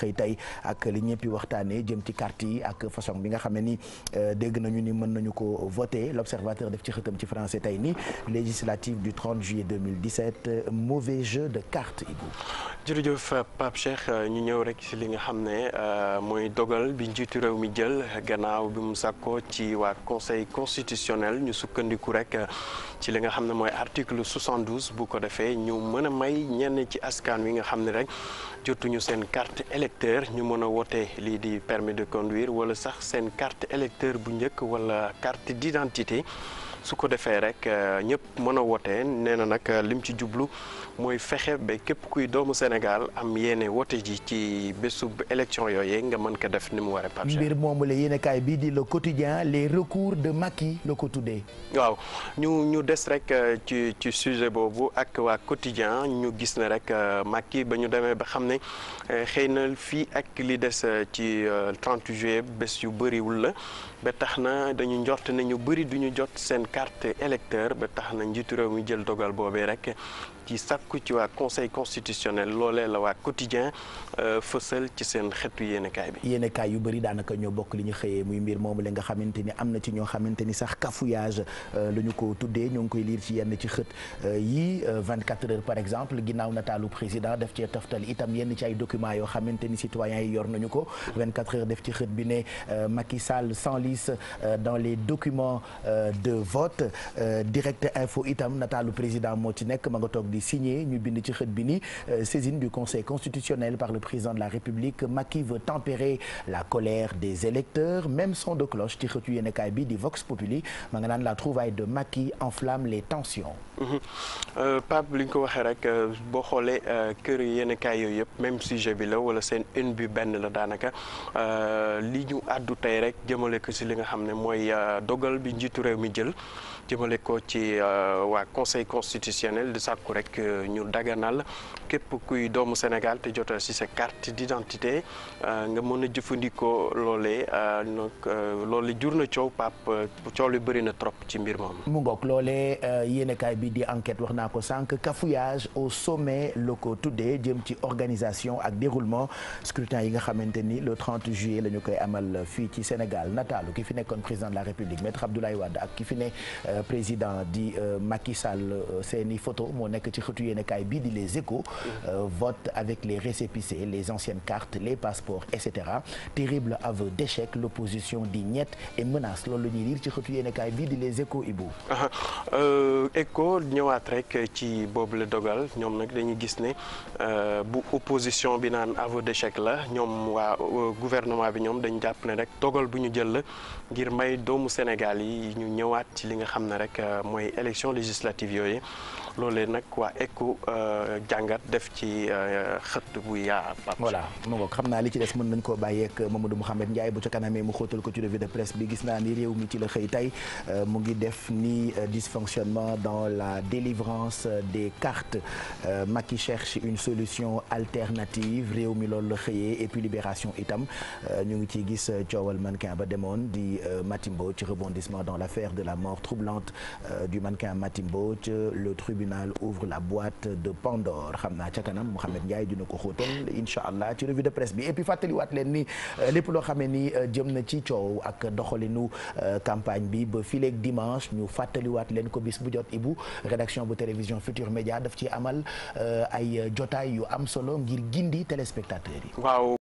xëy tey ak li ñëpp waxtaanee jëm ci carte yi ak façon bi nga xam ne ni euh, dégg nañu ni mën nañu ko voter l'observateur def ci xëtam ci français tey ni législative du 30 juillet 2017 euh, mauvais jeu de cartes Ibou jërëjëf Pape Cheikh ñu ñëw rek ci li nga xam ne euh, mooy dogal bi njiitu réew mi jël gannaaw bi mu sàkkoo ci waa conseil constitutionnel ñu sukkandiku rek ci li nga xam ne mooy article 72 bu ko defee ñu mën a may ñenn ci askan wi nga xam ne rek jotuñu seen carte électeur ñu mën a wote lii di permis de conduire wala sax seen carte électeur bu njëkk wala carte d'identité su ko defee rek euh, ñëpp mën a woote nee na nag euh, lim ci jublu mooy fexe ba képp kuy doomu Sénégal am yéene woote ji ci bésub élection yooyee nga mën ko def ni mu waree. Pape Cheikh mbir moomu la yéen a kaay bii di le quotidien les recours de Macky la ko tuddee. waaw ñu ñu des rek euh, ci ci sujet boobu ak waa quotidien ñu gis ne rek Macky ba ñu demee ba xam ne xëy na fii ak li des ci 30 juillet bés yu bëriwul la ba tax na dañu njort ne ñu bëri duñu jot seen. carte électeur ba tax na njiitu réew mi jël dogal boobee rek ci sàkku ci waa conseil constitutionnel loolee la waa quotidien euh, fësal ci seen xeetu yéenekaay bi. yéenekaay yu bari daanaka ñoo bokk li ñu xëyee muy mbir moomu la nga xamante ni am na ci ñoo xamante ni sax cafouillage euh, la ko tuddee ñoo ngi koy liir ci yenn ci xët euh, yii 24 heures par exemple ginnaaw nataalu président def cee toftal itam yenn ci ay documents yoo xamante ni citoyens yi y nañu ko 24 heures bi ne Macky Potte euh, direct info itam nataalu président moo ci nekk ma nga toog di signé ñu bind ci xët bi ni euh, saisine du conseil constitutionnel par le président de la république Macky veut tempérer la colère des électeurs même son de cloche ci xëtu yéenekaay bi di Vox Populi ma nga naan la trouvaille de Macky enflamme les tensions. Mhm. Euh, Pape li nga ko waxe rek boo xoolee kër yéenekaay yooyu yëpp même sujet bi la wala seen une bi benn la daanaka li ñu àddu tey rek jëmal ko si li nga xam ne mooy dogal bi njiitu réew mi jël. jëmale ko ci euh, waa conseil constitutionnel di sàkku rek euh, ñu daganal képp kuy doomu Sénégal te jota ci sa carte d'identité euh, nga mën a jëfandikoo loolee donc loolu jur na coow Pape coow lu bëri na trop ci mbir moom mu ngoog loolee yéenekaay bi di enquête wax naa ko sànq cafouillage au sommet la ko tuddee jëm ci organisation ak déroulement scrutin yi nga xamante ni le 30 juillet la ñu koy amal fii ci Sénégal nataalu ki fi nekkoon président de la République maître Abdoulaye Wade ak ki fi ne Euh, président di euh, Macky Sall euh, seeni photo moo nekk ci xëtu yéenekaay bii di les échos vote avec les récépissés les anciennes cartes les passeports et cetera terrible aveu d'échec l'opposition di niet et menace loolu la ñuy lire ci xëtu yéenekaay bii di les échos Ibou écho ñëwaat rek ci boobu la dogal ñoom nag dañu gis ne bu opposition bi naan aveu d'échec la ñoom waa gouvernement bi ñoom dañ jàpp ne rek dogal bu ñu jël la ngir may doomu Sénégal yi ñu ñëwaat li nga xam ne rek euh, mooy élection législative yooyu loole nag waa ECHO euh, jàngat def ci euh, xët bu yaa Pape voilà mu ngoog xam naa li ci def mën nañ koo bàyyeek Mamadou Mouhamed Ndiaye bu ca kanamee mu xóotal ko ci revue de presse bi gis naa ni réew mi ci la xëy tey mu ngi def ni dysfonctionnement dans la délivrance des cartes Macky cherche une solution alternative réew mi loolu la xëyee et puis libération itam ñu ngi ciy gis coowal mannequin ba demoon di Matimbo ci rebondissement dans l'affaire de la mort mort troublante euh, du mannequin Mati Mbodj le tribunal ouvre la boîte de Pandore xam naa ca kanam Mouhamed Ndiaye na ko xóotal incha allah ci revue de presse bi et puis fàttaliwaat leen ni euh, lépp loo xamee ni euh, jëm na ci coow ak doxalinu campagne bi ba fileeg dimanche ñu fàttaliwaat leen ko bis bu jot bu rédaction bu télévision Futur Média daf ci amal ay jotaay yu am solo ngir gindi téléspectateurs yi.